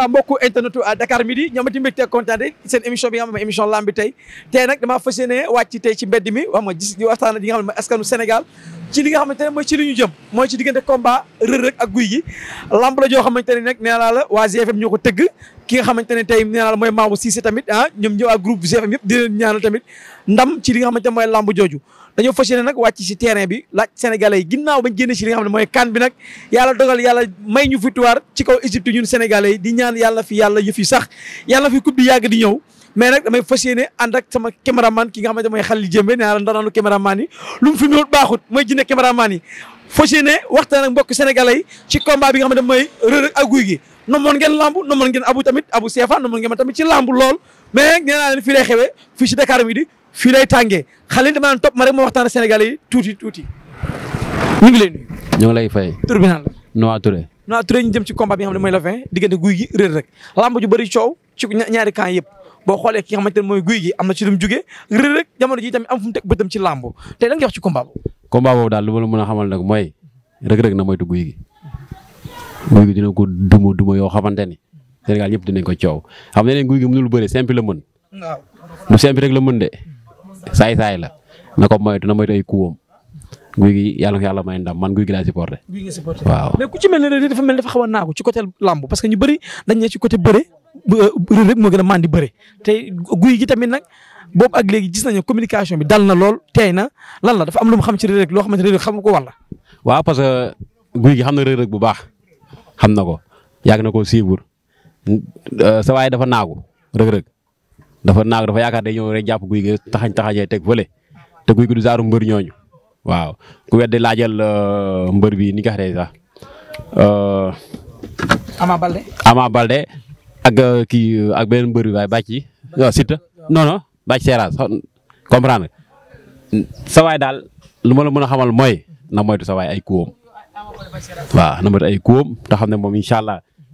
waaw mbokku internet Dakar midi ñoo ma ci mbégte kontaan seen émission bi nga xam ne émission lamb tey tey nag damaa fas tey ci mbedd mi wax nga gis di waxtaan xam ne askanu Sénégal ci li nga xamante ne mooy ci li ñu jëm mooy ci diggante combat Reug Reug ak Gouye Gui lamb la joo xamante ne nag la waa GFM ñoo ko tëgg ki nga xamante ne tey nee naa la mooy Mamou Cissé tamit ah ñoom ñëw ak groupe GFM yëpp di leen ñaanal tamit ndam ci li nga xamante ne mooy làmb jooju dañoo fas yéene nag wàcc si terrain bi laaj sénégalais yi ginnaaw bañ génne ci li nga xam ne mooy kan bi nag yàlla dogal yàlla may ñu victoire ci kaw Égypte ñun sénégalais yi di ñaan yàlla fi yàlla yëf yi sax yàlla fi coupe bi yàgg di ñëw mais nag damay fas yéene ànd ak sama caméraman ki nga xamante mooy Khalil Diémé nee naa la ndanaanu caméraman yi lu mu fi ñëw baaxut mooy jinne caméraman yi fas yéene waxtaan ak mbokk sénégalais ci combat bi nga xamante mooy Reug Reug ak Gouye Gui nomoon ngeen lamb nomoon ngeen abu tamit abu seefa nomoon ngeen ma tamit ci lamb lool mais nee naa leen fii lay xewee si Dakar midi fii lay tàngee Khalil dama naan topp ma rek ma waxtaan ak sénégalais yi tuuti tuuti ñu ngi lay nuyu ñu ngi lay fay tur bi la Noa Touré Noa Touré ñu jëm ci combat bi nga xam ne mooy le 20 diggante Gouye Gui Reug Reug lamb ju ñaari camp yëpp boo xoolee ki nga xamante ne mooy guy gi am na ci lu mu jugee rëy ji tamit am fu teg bëtam ci làmb tey lan nga ci combat boobu. daal lu la mën a xamal nag mooy rëg-rëg na moytu guy gi guy gi dina ko duma duma yoo xamante ni Sénégal ñëpp dinañ ko coow xam ne guy gi mënul bëre simple la mën. waaw lu simple rek la mën de saay saay la na ko moytu na moytu ay kuwam guy gi yàlla ko yàlla may ndam man guy gi laa supporté. waaw. mais ku ci mel ne dafa mel a naagu ci côté làmb parce que ñu bëri dañ ci côté bëre rëg euh, rëg moo gën a mandi bëre te guy gi tamit nag boobu ak léegi gis nañu communication bi dal na lool tey na lan la dafa am lu mu xam ci rëg rëg loo xamante ne rëg xam ko wala. waaw parce que guy gi xam na rëg rëg bu baax xam na ko yàgg na ko siibur euh, sa waay dafa naagu rëg rëg dafa naagu dafa yaakaar day ñëw rek jàpp guy gi taxañ taxañee teg fële te guy gi du zaaru mbër ñooñu waaw ku weddi laajal euh, mbër bi ni nga xam sax. Ama Balde ak euh, kii euh, ak beneen mbër bi waaye bàcc yi waaw Siteu non non bàcc comprendre sa daal lu ma la mën a xamal mooy na moytu sa waay ay kuwam ah, ah, waaw na moytu ay kuwam te xam ne moom incha allah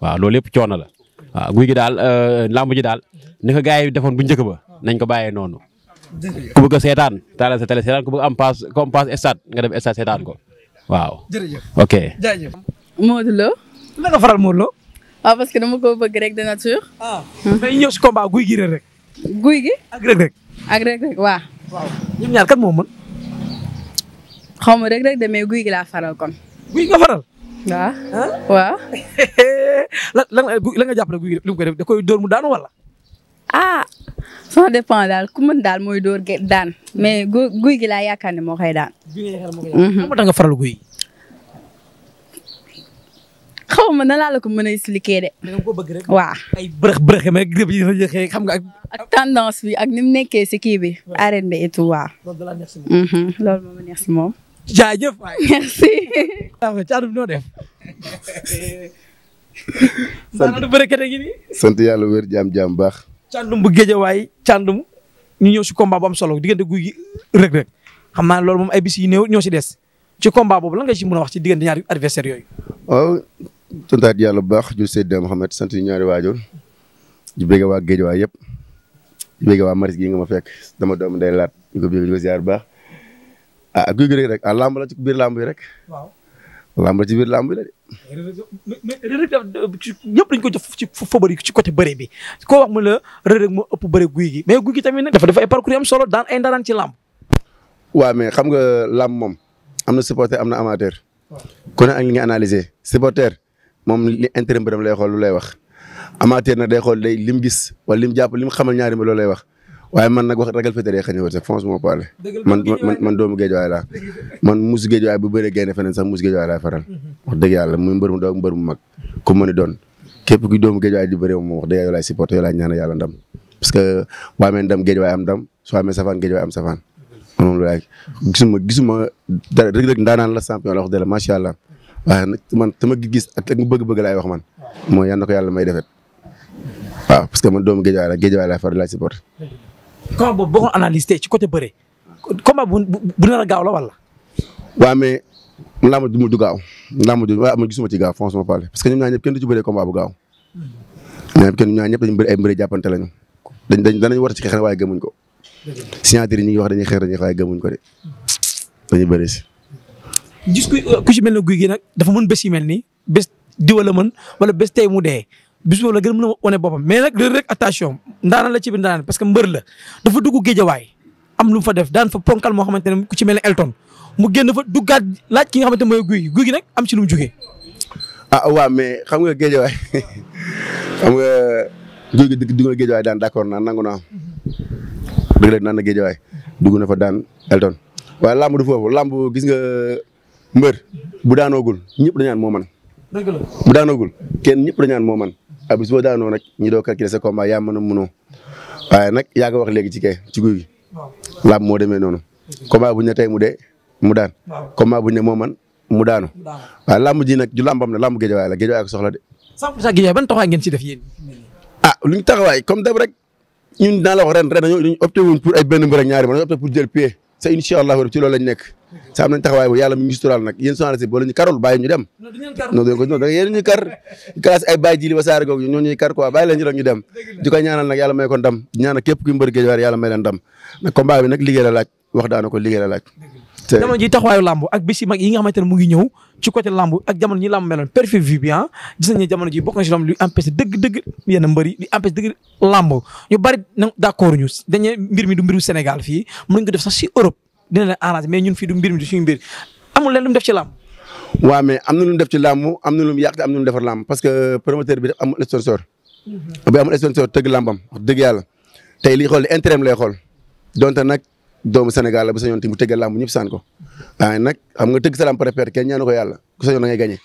waaw loolu yëpp coono la waaw guy gi daal euh, làmb ji daal ni ko defoon bu njëkk ba nañ ko bàyyee noonu ku bëgg seetaan taala sa télé seetaan ku bëgg am paas comme paas stade nga dem stade ko waaw ok jaajëf Modou Lo nga faral Modou Lo waaw ah, parce que dama ko bëgg rek de nature ah mais ñëw si combat guy gi rek rek guy gi ak rek rek waaw waaw ñaar kat moo mën rek rek de mais guy gi laa faral kon guy nga faral waaw waaw. lan lan la nga jàpp guy li mu da koy dóor mu daanu wala. ah ça dépend daal ku mën daal mooy dóor daan mais guy gi laa yaakaar ne moo koy daan. Mhm. moo tax nga faral guy. xaw ma na laa la ko mën a expliquer de. da nga ko bëgg rek. waaw ay bërëx bërëx yi rek yëpp yi xam nga ak. ni mu nekkee si kii i arène bi et tout waaw. loolu ma neex si moom. Mhm. jaajëf waay. merci. caatu bi noo def. sant naa bërëkkat gi nii. sant yàlla wér jaam jaam baax. càndum bu géej waay càndum ñu ñëw si combat bu am solo diggante guy gi rëg rëg xam naa lool moom ay bis yu néew ñoo ci des ci combat boobu lan nga si mën a wax ci diggante ñaari adversaire yooyu. waaw santaat yàlla bu baax jul Seydina Mohamed sant ñu ñaari waajur di waa géej waay yëpp di waa maris gi nga ma fekk dama doom day laat ñu ko bëgg di ko ziar baax. ah, ah guy gi rek ah làmb la ci biir làmb rek. waaw làmb la ci biir làmb yi de. mais Reug ci ñëpp dañ ko def ci favori bi koo wax mu la Reug Reug moo ëpp bëre guy gi mais guy gi tamit nag dafa def ay parcours yu am solo daan ay ndaraan ci làmb. waa mais xam nga làmb moom am na supporter am na amateur. ku ne ak li nga supporter moom li intérêt mbërëm lay xool lu lay wax amateur na day xool day lim gis wala lim jàpp lim xamal ñaari mbir loolu lay wax. waaye man nag wax ragal féetéré xëy na wër sax franchement parlé man doomu géejawaay laa man musu géejawaay bu bëree gaynde feneen sax musu géejawaay laa faral mhm. wax dëgg yàlla muy mbër mu doom mbër mu mag ku mën a doon képp ki doomu géejawaay di bëree moom wax dëgg yàlla laay supporté ñaan yàlla ndam parce que boo amee am ndam soo amee safaan géejawaay am safaan moom laay gisuma gisuma dara Reug Reug ndaanaan la champion la wax dëgg la macha allah waaye nag man sama gis ak mu bëgg-bëgg laay wax man mooy yal na ko yàlla may defet waaw parce que man doomu géejawaay la géejawaay laay faral laay supporté combat boobu boo ko analyse tey ci côté bëre combat bu bu nar a gaaw la wala. waaw mais làmb du mu du gaaw làmb du waaw man gisuma ci gaaw franchement parlé parce que ñoom ñaar ñëpp kenn du ci bëree combat bu gaaw hmm. ñoom kenn ñaar ñëpp dañu bëri ay mbëri jàppante lañu dañ dañ danañ war ci xeex waaye gëmuñ ko signature yi ñu ngi wax dañuy xeex dañuy waaye gëmuñ ko de dañuy bëri si. gis ku ku ci mel ne guy gi nag dafa mën bés yi mel nii bés diwa la mën wala bés tey mu dee bis boobu la gën a mën a wane boppam mais nag Reug rek attention ndaana la ci biir ndaanaan parce que mbër la dafa dugg géejawaay am lu mu fa def daan fa ponkal moo xamante ne ku ci mel ne Elton mu génn fa duggaat laaj ki nga xamante ne mooy guy guy gi nag am ci lu mu jugee. ah waaw mais xam nga géejawaay xam nga guy gi dugg na géejawaay daan d'accord naa nangu naa dëgg la naan na géejawaay dugg na fa daan Elton waa làmb du foofu làmb gis nga mbër bu daanoogul ñëpp dañaan moo man bu daanoogul kenn ñëpp dañaan moo man Ah, bis boo daanoo nag ñi doo calculer sa combat yaa nag yaa ko wax léegi ci kay ci guy gi làmb moo demee noonu combat buñ ne tey mu dee mu daan combat buñ ne moo man mu daanu waaye làmb ji nag ju làmbam ne làmb géejawaay la géejawaay ko soxla de. a sa géejawaay ban taxawaay ngeen ci def yéen. ah luñ taxawaay comme dab rek ñun dinaa la wax ren ren dañoo opté ay benn mbir ak ma dañoo opté pour jël pied sa incha allahu rab ci loolu lañ nekk sa am nañ taxawaay boobu yàlla mi ngi suturaal nag yéen sonal si boo leen ñu karul bàyyi dem non ko non da yéen ñu kar classe ay bàyyi jili wasaare googu ñoo ñuy kar quoi bàyyi leen ñu rek ñu dem di ko ñaanal nag may ko ndam ñaanal képp kuy mbër géej waar may leen ndam nag combat bi nag liggéey la laaj wax daana ko la laaj jamono ji taxawaayu làmb ak bés yi mag yi nga xamante ne mu ngi ñëw ci côté làmb ak jamono ñi làmb meloon perfet vu bi ah, gis nañu jamono ji bokk na ci làmb luy empêché dëgg dëgg yenn mbër yi luy empêché dëgg làmb mbir mi du mbiru Sénégal fii mën nga def sax ci Europe dina leen mais ñun fii du mbir mi du suñu mbir amul leen am na lu mu def ci am na lu mu yàq te am na lu mu defar parce que promoteur bi def amul sponsor bi mhm. amul sponsor tëgg làmbam dëgg yàlla tey li xool intérêt lay xool donte nag doomu Sénégal la bu sañoon tamit mu tëgg làmb ñëpp saan ko waaye nag xam nga tëgg sa làmb préparer kenn ñaanu ko yàlla ku sañoon da ngay gagné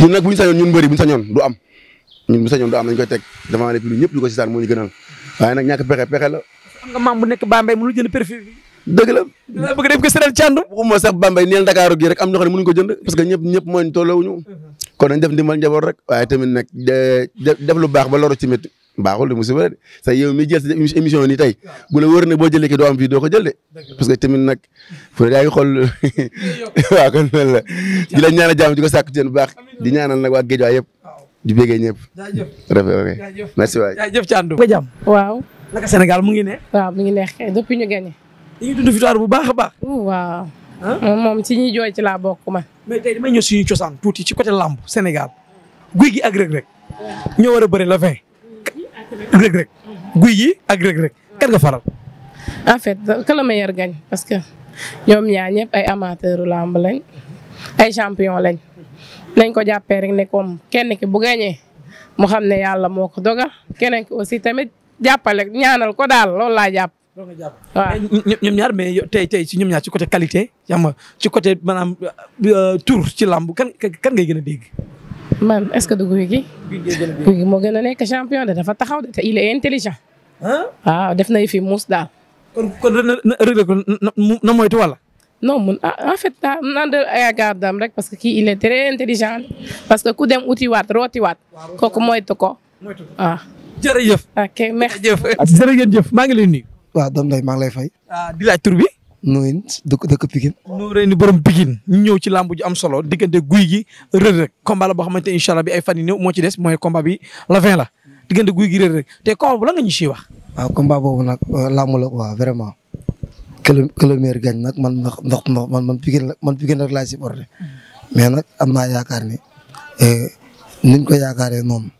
ñun nag bu ñu sañoon ñun mbëri bu ñu sañoon du am ñun bu sañoon du am dañ koy teg devant les publics ñëpp di ko si saan moo ñu gënal waaye nag ñàkk pexe pexe la. am nekk Bambey dëgg la dina bëgg def ko Sénégal cànd waxuma sax Bambey neel Dakar gi rek am na xam ne mënuñu ko jënd parce que ñëpp ñëpp mooy tolloowuñu mhm. kon dañ def ndimbal njaboot rek waaye tamit nag def lu baax ba loro ci métti baaxul lu musiba de sa yow mi jël sa émission nii tey bu la wër ne boo jëlee ki doo am fii doo ko jël de parce que tamit nag fu yaa ngi xool waaw kon loolu la di la ñaanal jàmm di ko sàkku seen bu baax di ñaanal nag waa géej waay yëpp di béggee ñëpp rafet rafet merci waay jaajëf Thiandou nga jàmm waaw naka Sénégal mu ngi ne waaw mu ngi neex depuis ñu gagné dañuy dund victoire bu baax a baax. waaw. moom moom ci ñi jooy ci laa bokk ma. mais tey damay ñëw cosaan tuuti ci côté làmb Sénégal guy gi ak Reug Reug ñoo war a bëri la fin. Reug Reug guy gi ak Reug Reug kan nga faral. en fait que le meilleur parce que ñoom ñaar ñëpp ay amateuru làmb lañ ay champion lañ nañ ko jàppee rek ne comme kenn ki bu gañee moo xam ne yàlla moo ko dogal keneen ki aussi tamit jàppale ñaanal ko daal loolu laa jàpp. waaw ah. ñoom ñaar mais tey tey ci ñoom ñaar ci côté qualité xam nga ci côté maanaam euh, euh, tour ci làmb kan kan ngay gën a dégg. man est-ce que du guy gi. guy gi moo gën a nekk champion de dafa taxaw de te il est intelligent. waaw ah, def nay fi muus daal. kon kon na na moytu wala. non mun ah, en fait ah de ay gardam rek parce que kii il est très intelligent parce que ku dem utiwaat rootiwaat kooku moytu ko. moytu ko waaw. jërëjëf. ok merci maa ngi lay nuyu. waaw doom day maa ngi lay fay. Ah, di laaj tur bi. nuyu dëkk dëkk Pikine. nu rëy ni borom Pikine ñu ñëw ci làmb ju am solo diggante guy gi rëdd boo xamante ne incha allah bi ay fan yu néew moo ci des mooy combat bi la fin la diggante guy gi rëdd rek bu la nga ñu siy wax. waaw boobu nag euh, làmb la quoi vraiment. que le meilleur gagne nag man ndax ndax man man la man Pikine rek laa si boré. mais nag am naa yaakaar ni euh, niñ ko yaakaaree noonu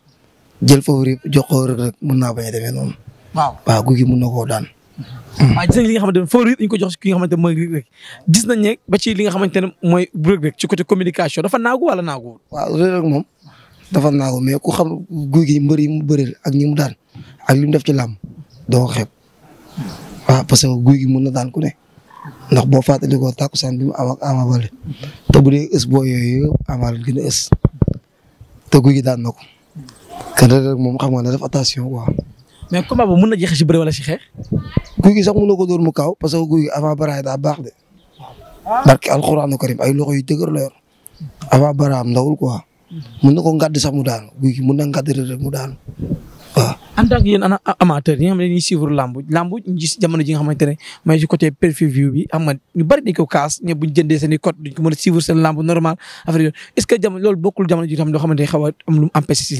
jël favori jox ko rëdd rek mun naa bañ a demee noonu. guy gi mun na koo daan. waaw gis nañ li nga xamante ne foofu yëpp ñu ko jox ki nga xamante ne mooy Reug Reug gis nañ ne ba ci li nga xamante ne mooy Reug ci côté communication dafa naagu wala naagu. waaw Reug moom dafa naagu mais ku xam guy gi mbër yi mu bëreel ak ñi mu daan ak li mu def ci làmb doo xeeb waaw parce que guy gi mën na daan ku ne ndax boo fàttalikoo tàkkusaan bi mu am ak Ama Baldé te bu dee boo yooyu Ama la gën a ës gi daan na ko. te Reug Reug moom xam nga ne def attention mais combat boobu mën na jeexe si bëre wala guy gi sax mën na ko dóor mu kaaw parce que guy gi avant baraay daa baax de. barke alxuraanu karim ay loxo yu dëgër la yor. avant baraam ndawul quoi. mën na ko ngàdd sax mu daanu guy gi mën na ngàdd rek mu daanu. en tant que yéen ana amateur yi nga xam ne dañuy suivre làmb làmb ji nga xamante ne mooy ci côté pay-per-view bi xam nga ñu bëri dañ ko kaas ñe buñ jëndee seen i code duñ ko mën a suivre seen làmb normal affaire yooyu est ce que a am lu mu empêché si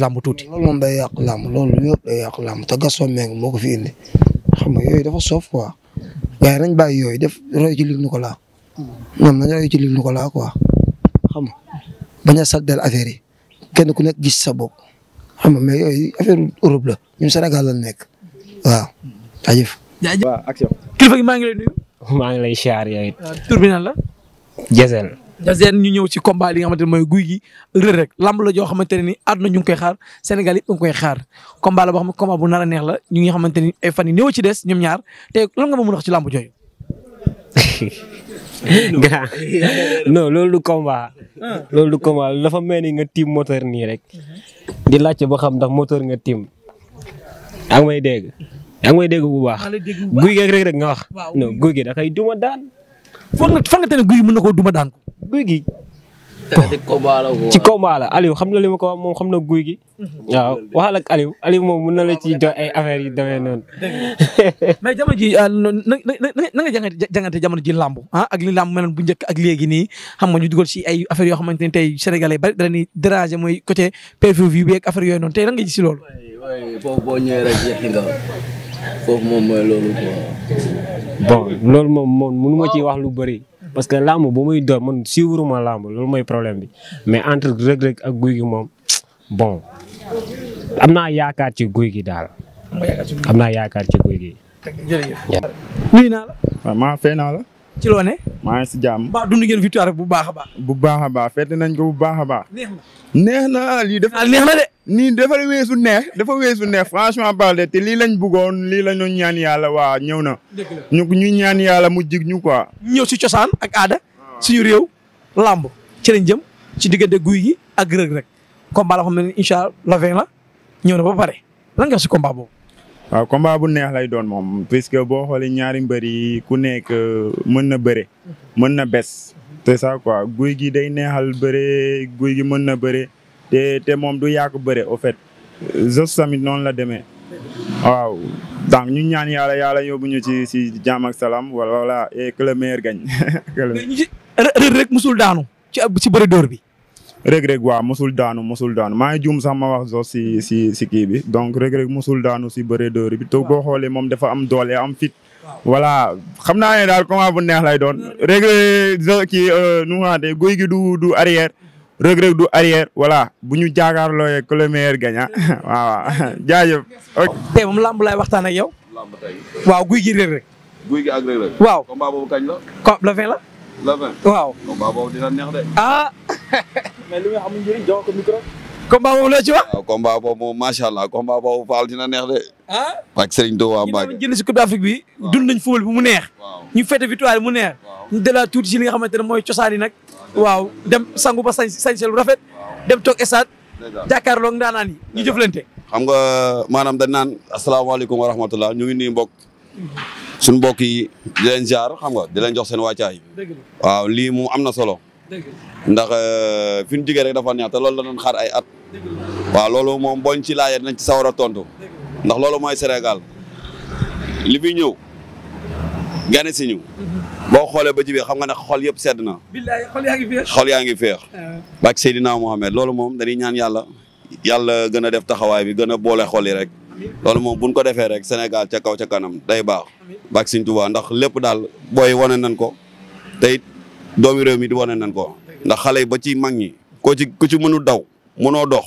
ko fi indi xam nga yooyu a saldel affaire yi kenn ku nekk gis sa bopp xam nga mais yooyu affaire Europe la ñun senegal la nekk waaw. jaajëf. jaajëf waaw action. kilifa gi maa ngi lay nuyu. maa ngi lay siyaar yow it. Euh, tur bi nan la. Jazel. Jazel ñu ñëw ci combat li nga xamante ne mooy guy gi rër rek la joo xamante ne ni àdduna ñu ngi koy xaar Sénégal yëpp a koy xaar combat la boo xam ne combat bu nar a neex la ñu ngi xamante ni fan yu néew ci des ñoom ñaar te lan nga ma mën a wax ci lamb jooju. grand non loolu du combat. Ah. loolu du combat dafa mel ni nga tiim moteur nii rek. Mhm. di laajte ba xam ndax moteur nga tiim. yaa ngi may dégg yaa ngi may dégg bu baax. guy gi rek rek nga wax. non guy gi da kay duma daan. foog nga foog nga tane guy mën na koo duma daan. guy gi ci combat la Aliou xam na li ma ko wax moom xam na guy gi. Mhm. waaw waxal ak Aliou Aliou moom mën na la ay affaires yu demee noonu. mais jamono ji ah, na na nga jamono ji làmb ah ak li bu njëkk ak léegi nii xam nga ñu dugal si ay affaires yoo xamante ne tey sénégalais bari dara ni déranger mooy côté pay-per-view bi ak noonu tey lan nga gis si loolu. foofu boo ñëwee loolu moom moom ma ciy wax lu bëri. parce que làmb bu muy door man suivre ma làmb loolu mooy problème bi mais entre Reug Reug ak Gouye Gui moom bon am naa yaakaar ci guy gi daal. am naa yaakaar ci guy gi jërëjëf. nuyu maa fee naa ci loo ne. maa ngi si jàmm. ba dund victoire bu baax a baax. bu baax a baax fête nañ ko bu baax a baax. neex na neex def. Ah, neex na de. nii dafa weesu neex dafa weesu neex franchement parler te lii lañ bëggoon lii la ñu ñaan yàlla waa ñëw na. ñu ñu ñaan yàlla mu jig ñu quoi. ñëw si cosaan ak aada. si réew làmb ci lañ jëm ci diggante guy gi ak rëg rek combat la xam ne incha la ñëw na ba pare lan nga si combat boobu. bu neex lay doon moom puisque boo xoolee ñaari mbër yi ku nekk mën na bëre. mën na bés. te ça quoi guy gi day neexal bëre guy gi mën na bëre. te te moom du yàgg bëre au fait jos tamit noonu la demee waaw donc ñu ñaan yàlla yàlla yóbbu ñu ci si jàmm ak salaam wala voilà et que le musul daanu ci ci bëri bi. rëg rëg waaw musul daanu musul daanu maa ngi sax ma wax jos si si kii bi donc rëg rëg musul daanu si bëri dóor bi. waaw te boo moom dafa am doole am fit. voilà xam naa ne daal comment bu neex doon. rëg rëg kii euh, nu mu guy gi du arrière. rëg du arrière voilà bu ñu jaakaarlooyee que le meilleur gagne ah. waaw waaw jaajëf. tey moom lamb laay waxtaan ak yow. lamb tey waaw guy gi rëg-rëg. guy gi ak rëg-rëg. waaw kañ la. ko le vingt la. le vingt waaw. combat boobu dina neex de. ah. mais li nga xam njëriñ jox ko micro. la ci wax. waaw combat boobu moom macha allah ah. si Coupe d'Afrique bi. waaw dund nañ football bi mu neex. ñu fete victoire mu neex. ñu dalaa tuuti ci li nga xamante ne mooy cosaan yi nag waaw dem sangu ba sañ sañse lu rafet dem toog estaat jàkkaarloog ndaanaan yi ñu jëflante xam nga maanaam dañ naan asalaamaaleykum wa rahmatullah ñu ngi nii mbokk suñ mbokk yi di leen jaar xam nga di jox seen wàccaay waaw lii moom am na solo ndax euh, fi ñu jigee rek dafa neex ñaata loolu la doon xaar ay at waaw loolu moom boñ ci laajee dinañ ci sawar a tontu ndax loolu mooy Sénégal li ñëw gane si ñu. boo xoolee ba ci biir xam nga ne yëpp sedd na. billaay xol yaa ngi féex. xol yaa ngi féex. Ah. bak Seydina Mohamed loolu moom dañuy ñaan yàlla yàlla gën a def taxawaay bi gën a boole xol rek. loolu moom buñ ko defee rek Sénégal ca kaw ca kanam day baax. bak Sëñ Tuubaa ndax lépp daal booy wane nañ ko tey it doomi réew mi di wane nañ ko. ndax xale yi ba ci mag ñi koo ci ku ci mënul daw mënoo dox.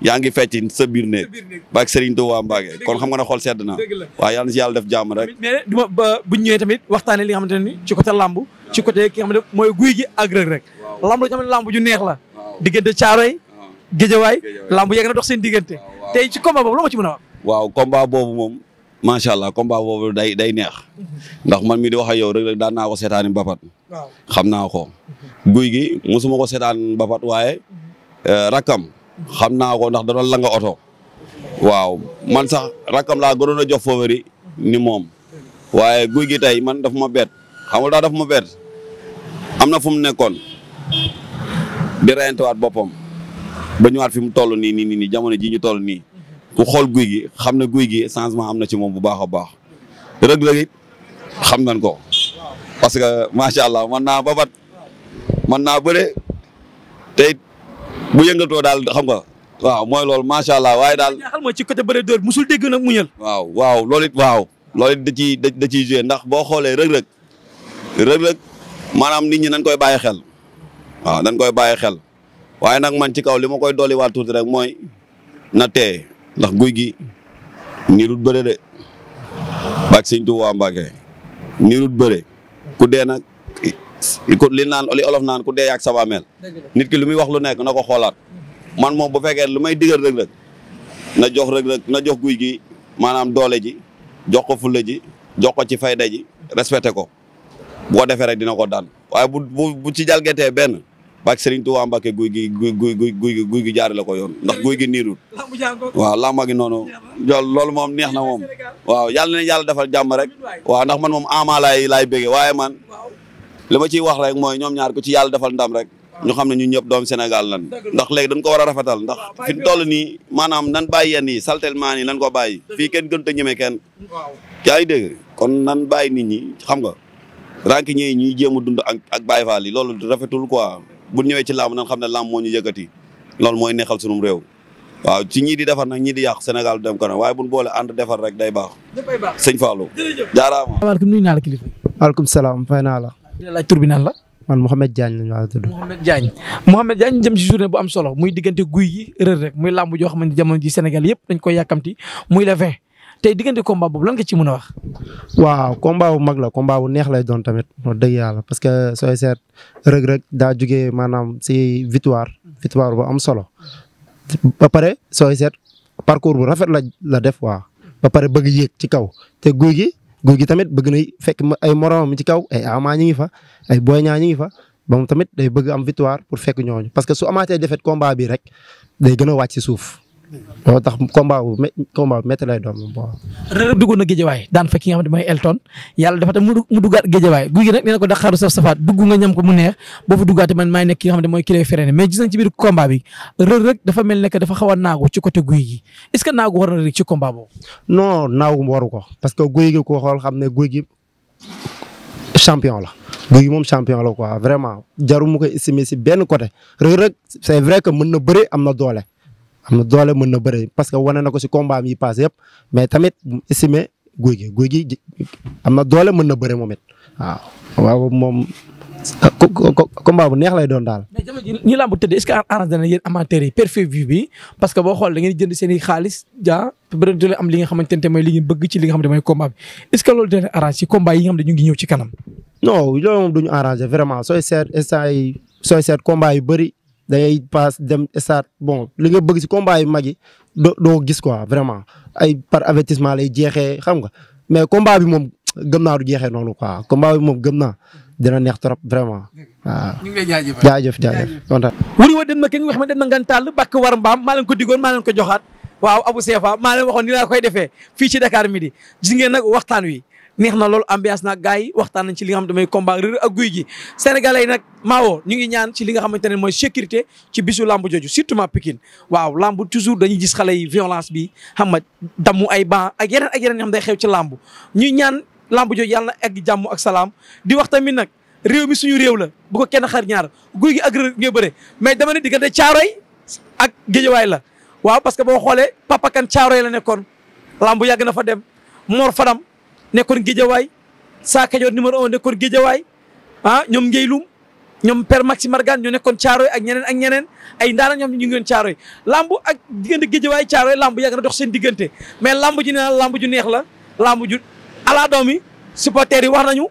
yaa ngi fecc sa biir néeg baak Serigne Touba Mbacké kon xam nga ne xol sedd na waaw yàlla na si yàlla def jàmm rek mais duma buñ ñëwee li nga xamante ni ci côté lamb ci côté ki nga mooy guy gi ak rek rek lamb la xam lamb ju neex la diggante Caaroy Géejawaay lamb yegg dox seen diggante tey ci combat boobu la ma ci mën a waaw combat boobu moom macha allah combat boobu day day neex mhm. ndax man mi de wax ak yow rek rek daan naa ko seetaani mbapat xam naa ko mhm. guy gi mosuma ko seetaan mbapat waaye mhm. eh, rakkam xam naa ko ndax da doon oto waaw man sax rakkam laa gënoon a jox favori ni moom waaye guy gi tey man daf ma bett xam nga daa ma bett na fu mu nekkoon di reyantewaat boppam ba ñëwaat fi mu toll ni nii nii jamono ji ñu toll nii ku xool guy gi xam na guy gi changement am na ci moom bu baax a baax rëg-rëg xam nañ ko parce que macha allah man naa babat man naa bëre te bu yëngatoo daal xam nga waaw mooy loolu macha allah waaye daal. xam nga ci côté bëre dóor musul dégg nag mu ñël. waaw waaw loolu waaw loolu da ciy da ciy joué ndax boo xoolee rëg-rëg rëg-rëg maanaam nit ñi nañ koy bàyyi xel waaw dañ koy bàyyi xel waaye nag man ci kaw li ma koy dolli waatu tuuti rek mooy na tee ndax guy gi nii rut bëre de bàcc sëñ Tuubaa Mbàkke nii rut ku dee ko li naan li olof naan ku dee ak sa bàmmeel nit ki lu muy wax lu nekk na ko xoolaat man moom bu fekkee lu may digal Reug Reug na jox Reug Reug na jox guy gi maanaam doole ji jox ko fulla ji jox ko ci fayda ji respecté ko bu ko defee rek dina ko daan waaye bu bu bu ci jalgatee benn bak Serigne Touba Mbacké guy gi guy guy guy guy gi jaarale ko yoon ndax guy gi niirul waaw làmba gi noonu loolu moom neex na moom waaw yàlla na yàlla defal jàmm rek waaw ndax man moom ama laay laay bége waaye man li ma ciy wax rek mooy ñoom ñaar ko ci yàlla defal ndam rek ñu xam ne ñun ñëpp doom Sénégal lan ndax léegi dañ ko war a rafetal ndax fi mu toll nii maanaam nan bàyyi yenn yi saltelmaan yi nan ko bàyyi fii kenn gënut a ñeme kenn yaa ngi dégg kon nan bàyyi nit ñi xam nga ranki ñi ñuy jéem a dund ak ak Baye Fall yi loolu rafetul quoi bu ñëwee ci làmb nan xam ne làmb moo ñu yëkkati loolu mooy neexal sunum réew waaw ci ñii di defar nag ñii di yàq Sénégal du dem kanam waaye bun boole ànd defar rek day baax sëñ Fallou dina laaj tur bi nan la. man Mouhamed a tudd. Mouhamed Diagne Mouhamed Diagne jëm ci journée bu am solo muy diggante guy yi rër rek muy làmb joo xamante jamono ji Sénégal yëpp dañ koy yàkkamti muy le 20 tey diggante combat boobu lan ci mën a wax. waaw combat bu mag la combat bu neex lay doon tamit wax dëgg yàlla parce que sooy seet rëg rëg daa jugee maanaam si victoire victoire bu am solo ba pare sooy seet parcours bu rafet la la def waaw ba pare bëgg yéeg ci kaw te guy gi guy gi tamit bëgg na fekk ay moroom ci kaw ay Ama ñi ngi fa ay Boy Niang ñi ngi fa moom tamit day bëgg am victoire pour fekk ñooñu parce que su amaatee defet combat bi rek day gën a wàcc ci suuf. moo tax combat bu mét combat bu métti lay doon waaw. Reug Reug duggoon na daan fa ki nga xamante mooy Elton yàlla dafa tam mu duggaat géejewaay guy gi nag nee ko daxaru saf safaat dugg nga ñam ko mu neex boo fa duggaatee man maay nekk ki nga xamante mooy kilay freiné mais gis nañ ci biir combat bi Reug dafa mel ne que dafa xaw a naagu ci côté guy gi est ce que naagu war na rek ci combat boobu. non naagu waru ko parce que guy gi ko xool xam ne guy gi champion la. guy gi moom champion la quoi vraiment jaru mu koy estimer benn côté Reug Reug c'est vrai que mën na bëre am na doole. am na doole mën na bëre parce que wane na ko si combat yi passé yëpp mais tamit estimé guy gi guy gi am doole mën na bëre moom it waaw. moom combat bu neex doon daal. mais jamono jii ñi làmb tëdd est-ce que arrange perfet view parce que boo xool da ngeen jënd seen i xaalis ja ba doole am li nga xamante ne mooy li ngeen bëgg ci li nga xam ne mooy combat bi est-ce que loolu dina arrange ci combat yi nga xam ne ci kanam. non loolu moom du vraiment sooy seet instant bëri da ngay dem stade bon li nga bëgg si combat yu mag yi doo doo gis quoi vraiment ay par avertissement lay jeexee xam nga mais combat bi moom gëm naa du jeexee noonu quoi combat bi moom gëm naa dina neex trop vraiment waaw. ñu ngi lay jaajëfal jaajëf jaajëf kontaan. wuri wa dem na ki nga xam ne dem na ngan tàll bàkk war mbaam maa leen ko digoon maa leen ko joxaat waaw Abou Sefa maa leen waxoon ni laa koy defee fii ci Dakar midi gis ngeen nag waxtaan wi. neex na loolu ambiance nag gars yi waxtaan nañ ci li xam damay mooy combat Reug Reug ak Gouye Gui yi nag maawoo ñu ngi ñaan ci li nga xamante ne mooy sécurité ci bisu làmb jooju surtout ma Pikine waaw lamb toujours dañuy gis xale yi violence bi xama nga damu ay ban ak yeneen ak yeneen yoo xam day xew ci làmb ñu ñaan làmb jooju yàlla na egg jàmm ak salaam di wax tamit nag réew mi suñu réew la bu kenn xar ñaar guy gi ak Reug Reug ngay mais dama ne diggante Caaroy ak Géejawaay la waaw parce que boo xoolee Papa Kan Caaroy la nekkoon lamb yàgg na fa dem Mor Fadam nekkoon géejawaay saa kajoor numéro un nekkoon géejawaay ah ñoom ngeylum ñoom père Maxime Margan ñoo nekkoon Caaroy ak ñeneen ak ñeneen ay ndaana ñoom ñu ngi woon Caaroy lamb ak diggante géejawaay Caaroy lamb yàgg na dox seen diggante mais lamb ji nee na ju neex la lamb ju alaa doomi supporters yi wax nañu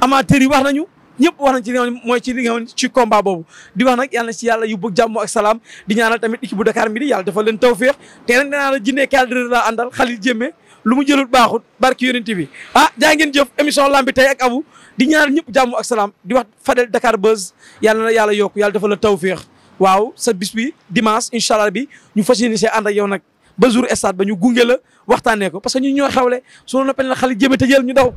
amateurs yi wax nañu ñëpp wax nañ ci li nga mooy ci ci combat boobu di wax nag yàlla na ci yàlla jàmm ak salaam di ñaanal tamit équipe bu Dakar Midi yàlla dafa leen tawféex te nag nee naa la jinne kàlla dina la àndal lu mu jëlul baaxut barki yonent bi ah jaa ngeen jëf émission lambi tey ak abu di ñaanal ñëpp jàmm ak salaam di wax Fadel Dakar Buzz yàlla na yàlla yokk yàlla dafa la tawféex waaw sa bis bi dimanche incha allah bi ñu fas yéene see ànd ak yow nag ba jour stade ba ñu gunge la waxtaanee ko parce que ñu ñoo xewle su noonu la xale jéem a tëjal ñu daw.